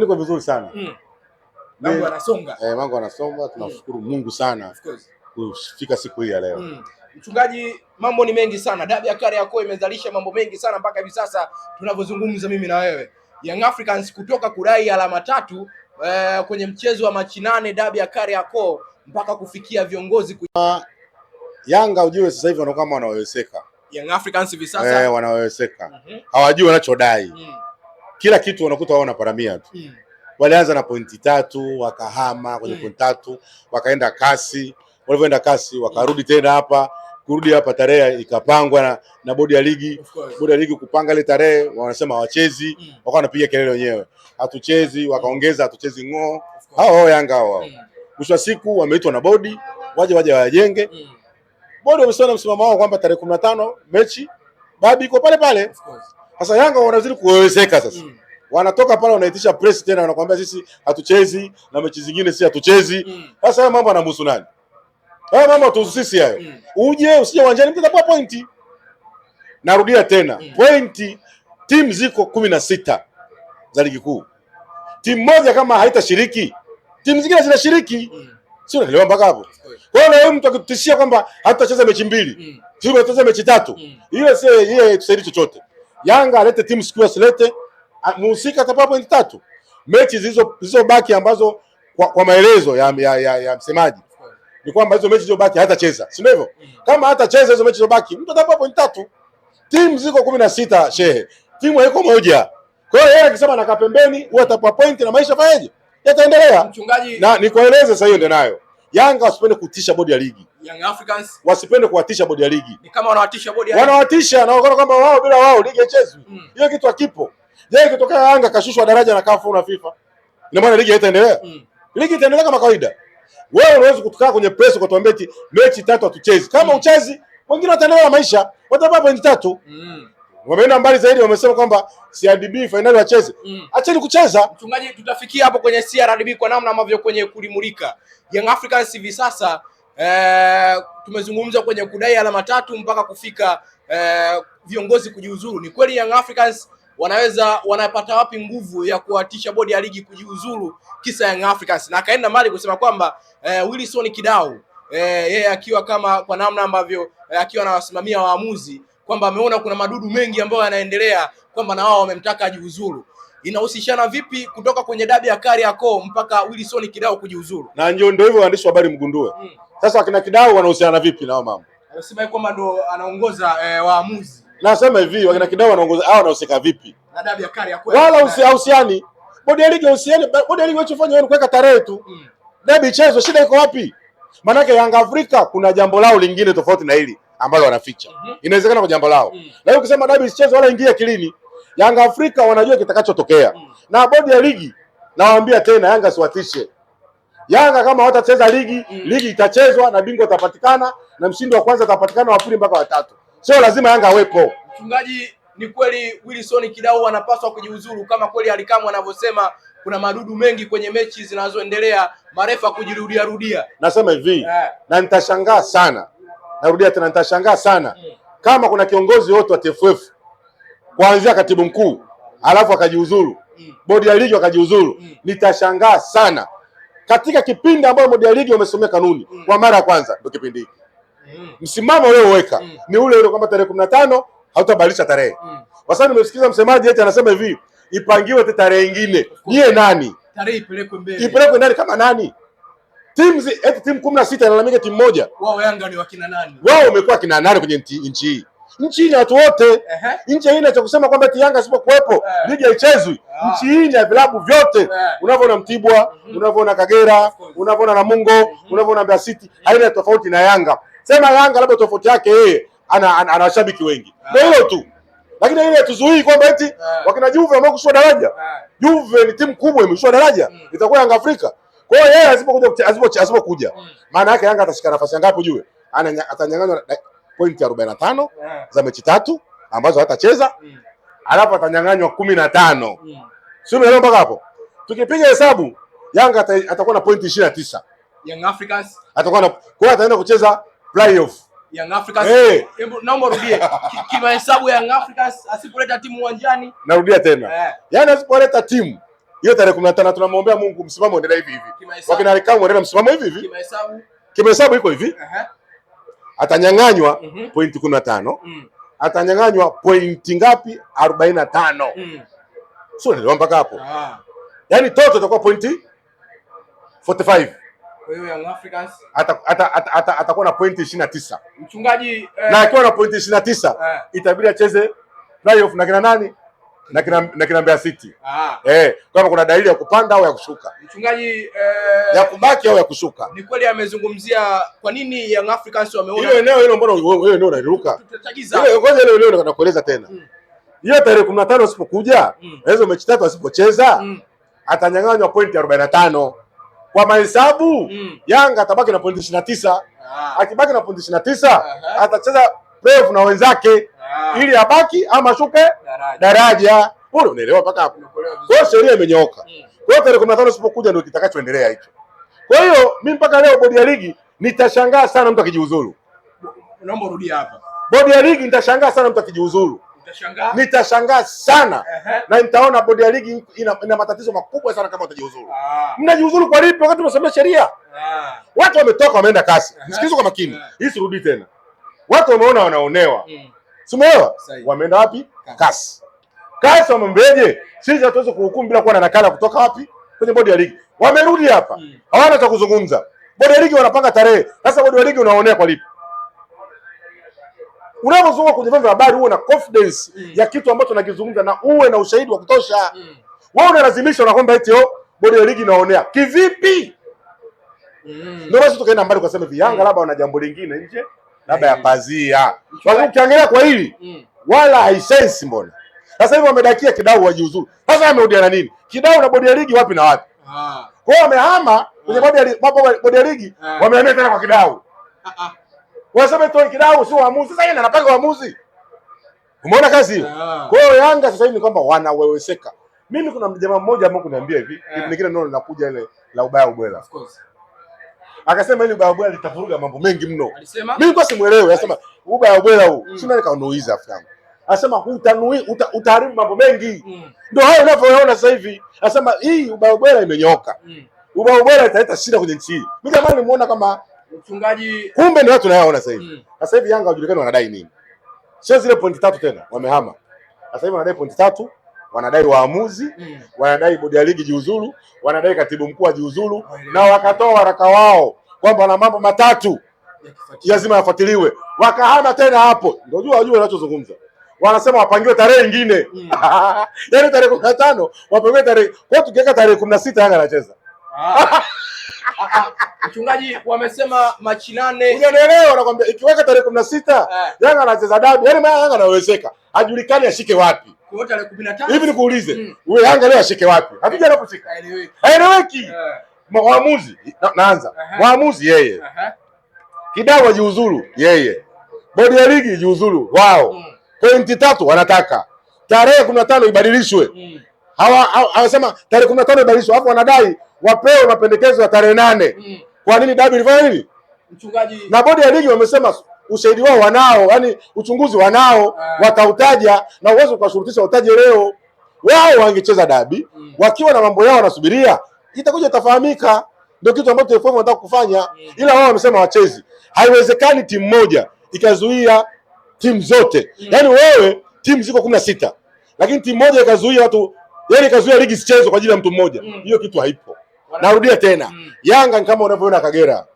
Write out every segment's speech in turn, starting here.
kuliko vizuri sana mm. Eh, mambo yanasonga eh, mambo yanasonga. Tunashukuru mm. Mungu sana kufika siku hii ya leo mm. Mchungaji, mambo ni mengi sana. Dabi ya Kariakoo imezalisha mambo mengi sana mpaka hivi sasa tunavyozungumza mimi na wewe, Young Africans kutoka kudai alama tatu eh, kwenye mchezo wa Machi nane dabi ya Kariakoo mpaka kufikia viongozi ku... Ah, Yanga ujue sasa hivi wanakuwa kama wanaweweseka. Young Africans hivi sasa eh, wanaweweseka mm -hmm. hawajui wanachodai mm kila kitu wanakuta wao wanaparamia tu mm. Walianza na pointi tatu wakahama kwenye mm. pointi tatu wakaenda kasi, walivyoenda kasi wakarudi mm. tena hapa kurudi hapa tarehe ikapangwa na, na bodi ya ligi. Bodi ya ligi kupanga ile tarehe, wanasema wachezi mm. wakawa wanapiga kelele wenyewe, hatuchezi. Wakaongeza hatuchezi ngo hao hao Yanga hao hao. Hmm. Mwisho wa siku wameitwa na bodi waje waje wajenge mm. bodi wamesema msimamo wao kwamba tarehe kumi na tano mechi babi iko pale pale, of sasa Yanga wanazidi kuwezeka sasa mm. Wanatoka pale wanaitisha press tena, wanakuambia sisi hatuchezi na mechi zingine sisi hatuchezi mm. sasa mm. Haya mambo yanamhusu nani? Haya mambo tuhusu sisi hayo mm. Uje usije uwanjani mtu mtapata pointi. Narudia tena mm. Pointi, timu ziko kumi na sita za ligi kuu, timu moja kama haitashiriki timu zingine zinashiriki mm. Sio, unaelewa mpaka hapo? Kwa hiyo leo mtu akitutishia kwamba hatutacheza mechi mbili mm. tutacheza mechi tatu mm. ile sio yeye tusaidi chochote Yanga alete timu siku asilete muhusika atapata pointi tatu. Mechi zilizobaki ambazo kwa, kwa maelezo ya, ya, ya, ya msemaji ni kwamba hizo mechi zilizobaki hatacheza, si ndivyo? Kama hatacheza hizo mechi zilizobaki mtu atapata pointi tatu. Timu ziko kumi na sita shehe, timu haiko moja. Kwa hiyo yeye akisema nakaa pembeni, huwa atapata pointi na maisha fanyaje, yataendelea. Mchungaji... na nikueleze sasa, hiyo ndio nayo Yanga wasipende kutisha bodi ya ligi Young Africans wasipende kuwatisha bodi ya ligi. Ni kama wanawatisha bodi ya ligi. Wanawatisha na wakaona kwamba wao bila wao ligi haichezwi. Mm. Hiyo mm. kitu hakipo. Je, ikitokea Yanga kashushwa daraja na kafu na FIFA? Ina maana ligi haitaendelea? Mm. Ligi itaendelea kama kawaida. Wewe unaweza kutukaa kwenye press ukatuambia eti mechi tatu hatuchezi. Kama mm. uchezi, wengine wataendelea na maisha. Watababa pointi tatu. Mm. Wameenda mbali zaidi, wamesema kwamba CRDB finali wacheze. Mm. Acheni kucheza. Mchungaji, tutafikia hapo kwenye CRDB kwa namna ambavyo kwenye kulimulika Young Africans hivi sasa Eh, tumezungumza kwenye kudai alama tatu mpaka kufika eh, viongozi kujiuzuru. Ni kweli Young Africans wanaweza wanapata wapi nguvu ya kuatisha bodi ya ligi kujiuzuru kisa Young Africans? Na akaenda mbali kusema kwamba eh, Wilson Kidau eh, yeye eh, akiwa kama kwa namna ambavyo eh, akiwa anawasimamia waamuzi kwamba ameona kuna madudu mengi ambayo yanaendelea kwamba na wao wamemtaka ajiuzuru. Inahusishana vipi kutoka kwenye dabi ya Kariakoo mpaka Wilson Kidau kujiuzuru? Na ndio ndio hivyo waandishi wa habari mgundue, mm. Sasa wakina Kidau wanahusiana vipi na hao mambo? Anasema kwamba ndo anaongoza eh, waamuzi. Nasema hivi wakina Kidau wanaongoza au wanahusika vipi? Na dabi ya kari ya kweli. Wala usihusiani. Bodi ya ligi usiende, bodi ya ligi wachofanya wewe kuweka tarehe tu. Mm. Dabi ichezwe, shida iko wapi? Maanake Yanga Afrika kuna jambo lao lingine tofauti na hili ambalo wanaficha. Mm -hmm. Inawezekana kwa jambo lao. Mm. Na hiyo ukisema dabi isichezwe wala ingie kilini. Yanga Afrika wanajua kitakachotokea. Mm. Na bodi ya ligi nawaambia tena Yanga siwatishe. Yanga kama watacheza ligi mm. ligi itachezwa na bingwa utapatikana na mshindi wa kwanza utapatikana wa pili mpaka watatu, sio lazima Yanga awepo. Mchungaji, ni kweli Wilson Kidau anapaswa kujiuzuru kama kweli alikamwa anavyosema kuna madudu mengi kwenye mechi zinazoendelea, marefa kujirudia rudia. Nasema hivi yeah. na nitashangaa sana, narudia tena, nitashangaa sana mm. kama kuna kiongozi wote wa TFF kuanzia katibu mkuu alafu akajiuzuru mm. bodi ya ligi akajiuzuru mm. nitashangaa sana katika kipindi ambayo bodi ya ligi wamesomea kanuni mm. kwa mara ya kwanza ndio kipindi hiki mm. msimamo ulioweka mm. ni ule ule kwamba tarehe kumi na tano hautabadilisha tarehe mm. kwa sababu nimesikiza msemaji eti anasema hivi ipangiwe tarehe nyingine. niye nani? Tarehe ipelekwe mbele, ipelekwe ndani kama nani? Timu eti timu kumi na sita inalalamika timu moja, wao Yanga ni wakina nani? Wao wamekuwa kina nani kwenye nchi hii? Nchi hii ni watu wote uh -huh. Nchi hii inacho kusema kwamba eti Yanga isipokuwepo uh -huh. ligi haichezwi uh ah. -huh. Nchi hii ina vilabu vyote uh -huh. unavyoona Mtibwa uh mhm. -huh. unavyoona Kagera unavyoona Namungo uh mhm. -huh. unavyoona Mbeya City uh -huh. haina tofauti na Yanga. Sema Yanga labda tofauti yake yeye ana, ana, washabiki wengi ah. ndio hilo tu, lakini ile tuzuii kwamba eti uh ah. -huh. wakina Juve ambao kushua daraja uh -huh. Juve ni timu kubwa imeshua daraja uh mm. -huh. itakuwa Yanga Afrika. Kwa hiyo yeye asipokuja asipokuja mm. maana yake Yanga atashika nafasi ngapi? Jue atanyang'anywa pointi arobaini na tano za mechi tatu ambazo hatacheza mm. alafu atanyang'anywa kumi na tano mm. sio umeelewa mpaka hapo? Tukipiga hesabu Yanga atakuwa na pointi ishirini na tisa Young Africans atakuwa na kwa hiyo ataenda kucheza playoff Young Africans. Hey. Hebu Naomba rudie hesabu ya Young Africans asipoleta timu uwanjani. Narudia tena. Hey. Eh. Yaani asipoleta timu hiyo tarehe 15 tunamwombea Mungu msimamo endelee hivi hivi. Wakina Rikamu uendelee msimamo hivi hivi. hesabu. Kimahesabu. hesabu iko hivi. Uh -huh atanyang'anywa mm -hmm. pointi kumi na tano mm. atanyang'anywa pointi ngapi? arobaini na tano mm. sio ndio? mpaka hapo ah. Yaani toto atakuwa pointi 45 atakuwa na pointi ishirini na tisa mchungaji eh, na akiwa na pointi ishirini na tisa eh, itabidi acheze playoff na kina nani na kina na kina Mbeya City ah. eh, kama kuna dalili ya kupanda au ya kushuka mchungaji eh, ya kubaki au ya kushuka. Ni kweli amezungumzia kwa nini Young Africans wameona hiyo eneo hilo, mbona wewe wewe ndio unaliruka ile? Kwanza ile eneo nakueleza tena mm. hiyo mm. tarehe 15 usipokuja mm. hizo mechi tatu asipocheza mm. atanyang'anywa pointi 45 kwa mahesabu mm. Yanga atabaki na pointi 29 ah. akibaki na pointi 29 uh -huh. atacheza playoff na wenzake ah. ili abaki ama shuke daraja. Wewe unaelewa mpaka hapo? Kwa hiyo sheria imenyooka. Hmm. Kwa hiyo tarehe kumi usipokuja ndio kitakachoendelea hicho. Kwa hiyo mimi mpaka leo bodi ya ligi nitashangaa sana mtu akijiuzuru. Naomba urudia hapa. Bodi ya ligi nitashangaa sana mtu akijiuzuru. Nitashangaa. Nitashangaa sana Uh-huh. na nitaona bodi ya ligi ina, ina matatizo makubwa sana kama utajiuzuru. Ah. Mnajiuzuru kwa lipi wakati tunasomea sheria? Ah. Watu wametoka wameenda kasi. Uh-huh. Nisikilize kwa makini. Hii sirudi tena watu wameona wanaonewa mm. Sumeelewa, wameenda wapi? CAS. CAS wamembeje? Sisi hatuwezi kuhukumu bila kuwa na nakala kutoka wapi? Kwenye bodi ya ligi. Wamerudi hapa hmm. hawana mm. cha kuzungumza. Bodi ya ligi wanapanga tarehe. Sasa bodi ya ligi unaonea kwa lipi? Unapozungumza kwenye vyombo vya habari uwe na confidence mm. ya kitu ambacho unakizungumza na uwe na ushahidi wa kutosha mm. wewe unalazimisha na kwamba eti oh, bodi ya ligi inaonea kivipi? mm. Ndio basi tukaenda mbali kwa sema hivi Yanga mm. labda wana jambo lingine nje labda ya eh. pazia, ukiangalia kwa hili mm. wala haisensi mbona. Sasa hivi wamedakia Kidau wajiuzuru, sasa amerudia na nini? Kidau na bodi ya ligi wapi na wapi? Ah. Kwa hiyo wamehama kwenye ah. bodi ya ligi, ah. wamehamia tena kwa Kidau. ah, ah. Wasema toi Kidau sio waamuzi, sasa yeye anapaka waamuzi. Umeona kazi hiyo? Kwa hiyo Yanga sasa hivi ni kwamba wanaweweseka. Mimi kuna jamaa mmoja ambaye kuniambia hivi, kitu eh. kingine ndio linakuja ile la ubaya ubwela. Of course. Akasema ubaya barabara litavuruga mambo mengi mno. Alisema? Mimi kwa simuelewe, anasema ubaya barabara huu mm. Sina nikaunuiza afya yangu. Anasema hutanui uta, utaharibu mambo mengi. Mm. Ndio hayo unavyoona sasa hivi. Anasema hii ubaya barabara imenyoka. Mm. ubaya Barabara italeta shida kwenye nchi hii. Mimi kama nimeona kama mchungaji kumbe ni watu nayaona sasa hivi. Mm. Sasa hivi Yanga hujulikani wanadai nini. Sio zile pointi tatu tena, wamehama. Sasa hivi wanadai pointi tatu wanadai waamuzi, mm. wanadai bodi ya ligi jiuzulu, wanadai katibu mkuu ajiuzulu, oh, na wakatoa waraka wao kwamba na mambo matatu lazima yafuatiliwe. Wakahama tena hapo, ndio jua wajue wanachozungumza wanasema wapangiwe tarehe nyingine mm. yaani tarehe kumi na tano wapangiwe tarehe kwa, tukiweka tarehe kumi na sita Yanga anacheza. Ah. Mchungaji, wamesema Machi nane, unaelewa? Nakwambia ikiweka tarehe kumi na sita eh. Yanga anacheza dabi, yaani maana Yanga anawezeka, hajulikani ashike wapi hivi nikuulize, mm. wewe Yanga leo ashike wapi? Hatuja na kushika haeleweki. Eh. Mwamuzi na, naanza mwamuzi yeye uh -huh. Kidau ajiuzuru yeye, bodi ya ligi jiuzuru wao mm. pointi tatu wanataka tarehe kumi na tano ibadilishwe mm. hawa hawasema tarehe kumi na tano ibadilishwe, alafu wanadai wapewe mapendekezo ya tarehe nane mm. kwa nini dabi ilifanya nini? Mchungaji na bodi ya ligi wamesema ushahidi wao wanao, yani uchunguzi wanao, ah. watautaja na uwezo ukashurutisha utaje leo. Wao wangecheza dabi mm. wakiwa na mambo yao wanasubiria, itakuja itafahamika. Ndio kitu ambacho TFF wanataka kufanya mm. ila wao wamesema wachezi. Haiwezekani timu moja ikazuia timu zote mm. yani wewe timu ziko kumi na sita lakini timu moja ikazuia watu, yani ikazuia ligi sichezo kwa ajili ya mtu mmoja hiyo kitu haipo. Narudia tena Yanga ni kama unavyoona Kagera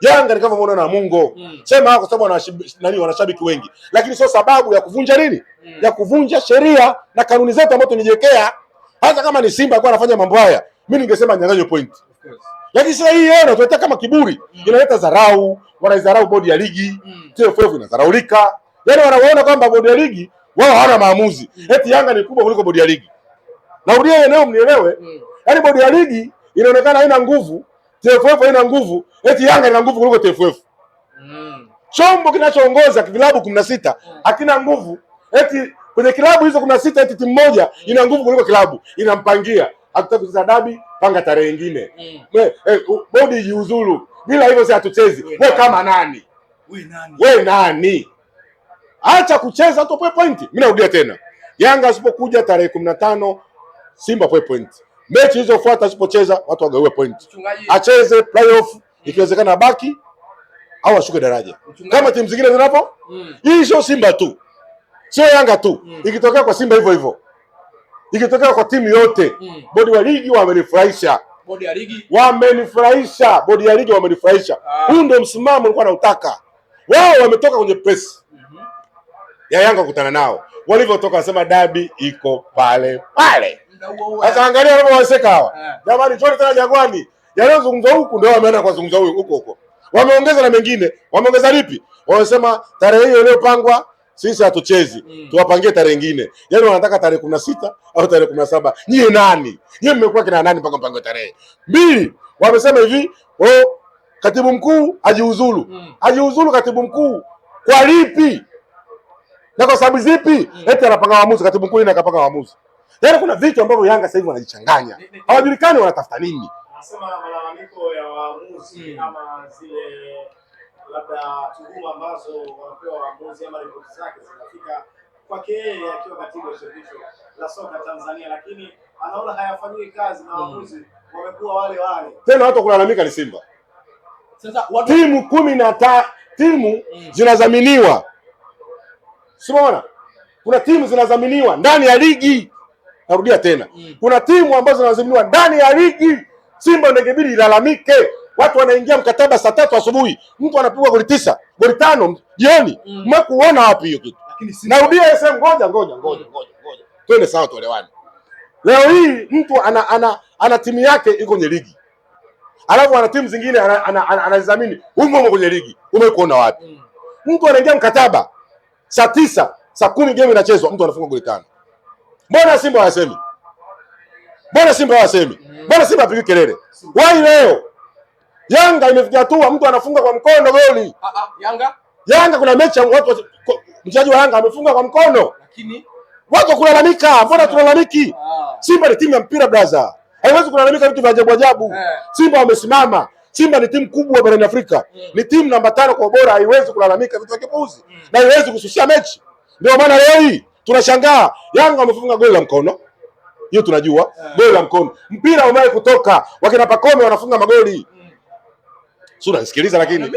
Yanga ni kama muona na Mungu. mm. Sema kwa sababu wana wanashabiki wengi, lakini sio sababu ya kuvunja nini mm. ya kuvunja sheria na kanuni zetu ambazo tunijiwekea. Hata kama ni Simba alikuwa anafanya mambo haya, mimi ningesema nyang'anyo point yes. Lakini sasa hii yeye tunataka kama kiburi mm. inaleta dharau, wanaidharau bodi ya ligi mm. TFF inadharaulika, yaani wanaona kwamba bodi ya ligi wao hawana maamuzi mm. eti Yanga ni kubwa kuliko bodi ya ligi. Narudia eneo mnielewe, Mm. yaani bodi ya ligi inaonekana haina nguvu TFF haina nguvu, eti Yanga ina nguvu kuliko TFF. Mm. Chombo kinachoongoza vilabu 16 hakina mm. nguvu, eti kwenye kilabu hizo 16 eti timu moja mm. ina nguvu kuliko kilabu inampangia, hatutaki kucheza dabi, panga tarehe nyingine. Mm. Eh, bodi jiuzuru. bila hivyo si hatuchezi. Wewe kama nani? Wewe nani? Wewe nani? Acha kucheza, tupoe pointi. Mimi narudia tena, Yanga asipokuja tarehe 15 Simba poe pointi mechi ilizofuata asipocheza watu wagaue point, acheze playoff ikiwezekana abaki au ashuke daraja kama timu zingine zinapo. Hii hmm. sio Simba tu, sio Yanga tu, hmm. ikitokea kwa Simba hivyo hivyo, ikitokea kwa timu yote. Hmm. Bodi ya ligi wamenifurahisha, bodi ya ligi wamenifurahisha, bodi ya ligi wamenifurahisha. Ah. Huu ndio msimamo nilikuwa nautaka. Wao wametoka kwenye press mhm. ya Yanga kukutana nao, walivyotoka wasema dabi iko pale pale. Sasa angalia hawa eh. jamani, tena Jangwani. Yaani huku ndio wameenda huko huko, wameongeza na mengine. Wameongeza lipi? Wamesema tarehe hiyo iliyopangwa sisi hatuchezi mm. Tuwapangie tarehe nyingine, yaani wanataka tarehe kumi na sita au tarehe kumi na saba Nyie nani? Nyie mmekuwa kina nani mpaka mpango tarehe mbili? Wamesema hivi oh, katibu mkuu ajiuzulu mm. Ajiuzulu katibu mkuu kwa lipi na kwa sababu zipi? mm. Eti anapanga waamuzi, katibu mkuu yeye anapanga waamuzi Yaani kuna vitu ambavyo Yanga sasa hivi wanajichanganya, hawajulikani wanatafuta nini. Nasema malalamiko ya waamuzi hmm. ama zile labda tuhuma ambazo wanapewa waamuzi ama ripoti zake zinafika kwake yeye akiwa katibu wa shirikisho la soka Tanzania, lakini anaona hayafanyiwi kazi na hmm. waamuzi wamekuwa wale wale. Tena watu kulalamika ni Simba. Sasa watu... timu kumi na ta timu mm. zinadhaminiwa, si unaona, kuna timu zinadhaminiwa ndani ya ligi Narudia tena, mm. kuna timu ambazo zinazimiwa ndani ya ligi. Simba ndio ingebidi ilalamike. Watu wanaingia mkataba saa tatu asubuhi, mtu anapigwa goli tisa goli tano jioni. Mmekuona wapi hiyo kitu? Narudia sasa, ngoja ngoja ngoja mm. ngoja ngoja, twende sawa, tuelewane. Leo hii mtu ana, ana, ana timu yake iko kwenye ligi alafu ana timu zingine anazidhamini humo humo kwenye ligi. Umekuona wapi? mm. Mtu anaingia mkataba saa tisa saa kumi game inachezwa, mtu anafunga goli tano. Mbona Simba wasemi? Mbona Simba wasemi? Mbona Simba apige kelele? Wai leo Yanga imefikia tu mtu anafunga kwa mkono goli. Ah, ah, Yanga? Yanga kuna mechi watu mchezaji wa Yanga amefunga kwa mkono. Lakini watu kulalamika, mbona tunalalamiki? Ah. Simba ni timu ya mpira brother. Haiwezi kulalamika vitu vya ajabu ajabu. Eh. Simba wamesimama. Simba ni timu kubwa barani Afrika. Eh. Ni timu namba tano kwa ubora, haiwezi kulalamika vitu vya kipuuzi. Mm. Na haiwezi kususia mechi. Ndio maana leo hii Tunashangaa Yanga wamefunga goli la mkono, hiyo tunajua goli la mkono, mpira umewahi kutoka, wakina Pakome wanafunga magoli si unanisikiliza? Lakini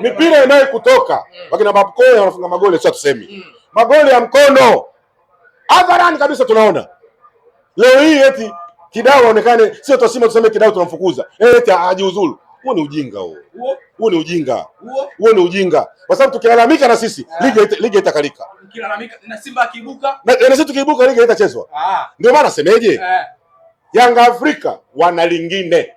mipira inayo kutoka mm. wakina Pakome wanafunga magoli, sio tusemi mm. magoli ya mkono hadharani kabisa, tunaona leo hii eti kidao aonekane, sio tuseme tuseme kidao tunamfukuza eti ajiuzulu huo ni ujinga huo. Huo ni ujinga. Huo ni ujinga. Kwa sababu tukilalamika na sisi ah. ligi ligi itakalika. Tukilalamika na Simba Na sisi tukiibuka ligi haitachezwa. Ah. Ndio maana semeje? Eh. Yanga Afrika wana lingine.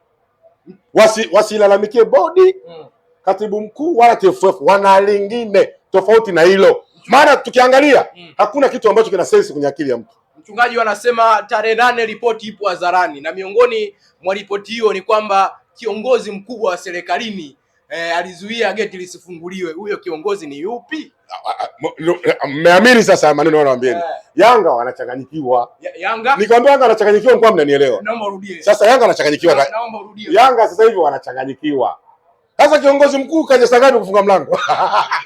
Wasi wasilalamikie bodi, hmm. katibu mkuu wala TFF wana lingine tofauti na hilo. Maana tukiangalia hmm. hakuna kitu ambacho kina sense kwenye akili ya mtu. Mchungaji wanasema tarehe nane ripoti ipo hadharani na miongoni mwa ripoti hiyo ni kwamba kiongozi mkubwa wa serikalini eh, alizuia geti lisifunguliwe. Huyo kiongozi ni yupi? Ah, ah, ah, eh, mmeamini sasa maneno wanawaambieni yeah. Yanga wanachanganyikiwa Yanga nikwambia, Yanga wanachanganyikiwa, mko mnanielewa? Naomba urudie sasa. Yanga wanachanganyikiwa, naomba urudie. Yanga sasa hivi wanachanganyikiwa sasa kiongozi mkuu kaja saa ngapi kufunga mlango?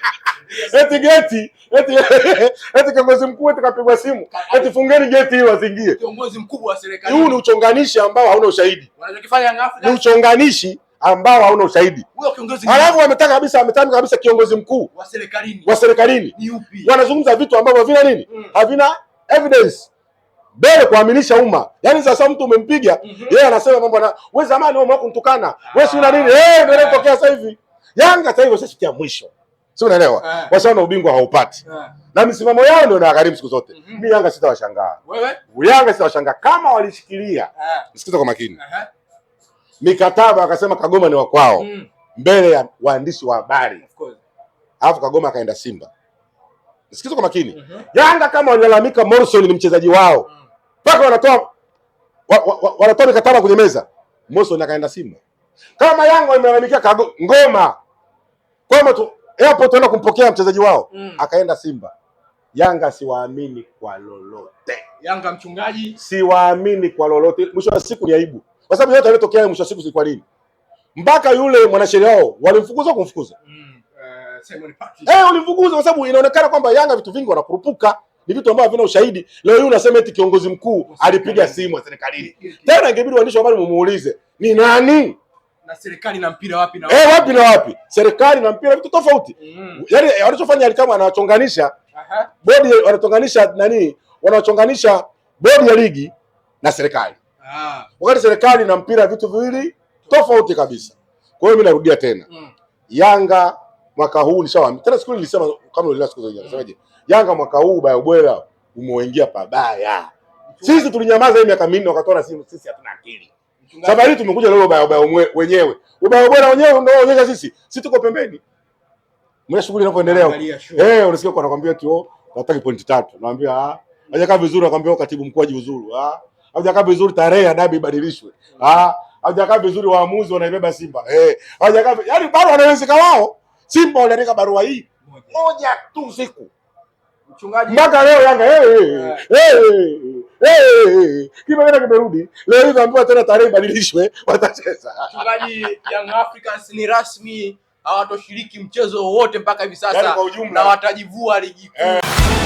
Eti geti, eti eti kiongozi mkuu eti kapigwa simu, eti fungeni geti hii wazingie. Kiongozi mkuu wa serikali. Huu ni uchonganishi ambao hauna ushahidi. Wanachokifanya ngapi? Ni uchonganishi ambao hauna ushahidi. Huyo kiongozi alafu ametaka kabisa ametamka kabisa kiongozi mkuu wa serikalini. Wa serikalini. Ni upi? Wanazungumza vitu ambavyo havina nini? Mm. Havina evidence mbele kuaminisha umma. Yaani sasa mtu umempiga mhm. yeye, mm -hmm. anasema mambo na wewe, zamani wewe Ah. wewe, si una nini eh, ndio inatokea sasa hivi. Yanga sasa hivi sisi mwisho, si unaelewa? Eh. Kwa sababu ubingwa haupati yeah. na misimamo yao ndio inagharimu siku zote. mm -hmm. Mimi Yanga sitawashangaa wewe, Yanga sitawashangaa kama walishikilia yeah. Msikize kwa makini uh mikataba akasema Kagoma ni wa kwao mm. mbele ya waandishi wa habari, alafu Kagoma akaenda Simba. Sikiza kwa makini mm -hmm. Yanga kama walilalamika Morrison ni mchezaji wao mm mpaka wanatoa wa, wa, wa, wanatoa mikataba kwenye meza. Morrison akaenda Simba. Kama Yanga imelalamikia ngoma kwamba tu airport tuenda kumpokea mchezaji wao mm. akaenda Simba. Yanga siwaamini kwa lolote. Yanga mchungaji, siwaamini kwa lolote. Mwisho wa siku ni aibu, kwa sababu yote yaliyotokea mwisho wa siku si kwa nini mpaka yule mwanasheria wao walimfukuza, kumfukuza mm, uh, eh, ulimfukuza eh, kwa sababu inaonekana kwamba Yanga vitu vingi wanakurupuka ni vitu ambavyo havina ushahidi. Leo hii unasema eti kiongozi mkuu alipiga simu serikalini, tena ingebidi waandishi wa habari mumuulize ni nani na serikali na mpira wapi na eh, wapi? Eh, wapi na wapi? Serikali na mpira vitu tofauti. Mm. Yaani eh, wanachofanya kama anawachonganisha bodi wanachonganisha nani? Wanachonganisha bodi ya ligi na serikali. Ah. Wakati serikali na mpira vitu viwili tofauti kabisa. Kwa hiyo mimi narudia tena. Mm. Yanga mwaka huu nishawaambia. Tena siku nilisema kama nililala siku zote. Nasemaje? Mm. Yanga mwaka huu baya ubwela umewaingia pabaya. Sisi tulinyamaza hii miaka minne wakatoa sisi hatuna akili. Safari tumekuja leo baya ubaya wenyewe. Ubaya ubwela wenyewe ndio unaonyesha sisi. Sisi tuko pembeni. Mna shughuli inapoendelea. Eh, unasikia kwa anakuambia tu nataka oh, pointi tatu. Naambia ah, hajakaa vizuri nakwambia oh, katibu mkuu ajiuzuru. Ah, hajakaa vizuri tarehe ya dabi ibadilishwe. Mm. Ah, hajakaa vizuri waamuzi wanaibeba Simba. Eh, hajakaa yaani bado wanawezeka wao. Simba waliandika barua hii moja tu siku mpaka leo Yanga eh. kimeenda kimerudi. Leo hivi ambiwa tena tarehe ibadilishwe, watacheza. Mchungaji, Young Africans ni rasmi hawatoshiriki mchezo wowote mpaka hivi sasa, yaani na watajivua ligi kuu. Eh.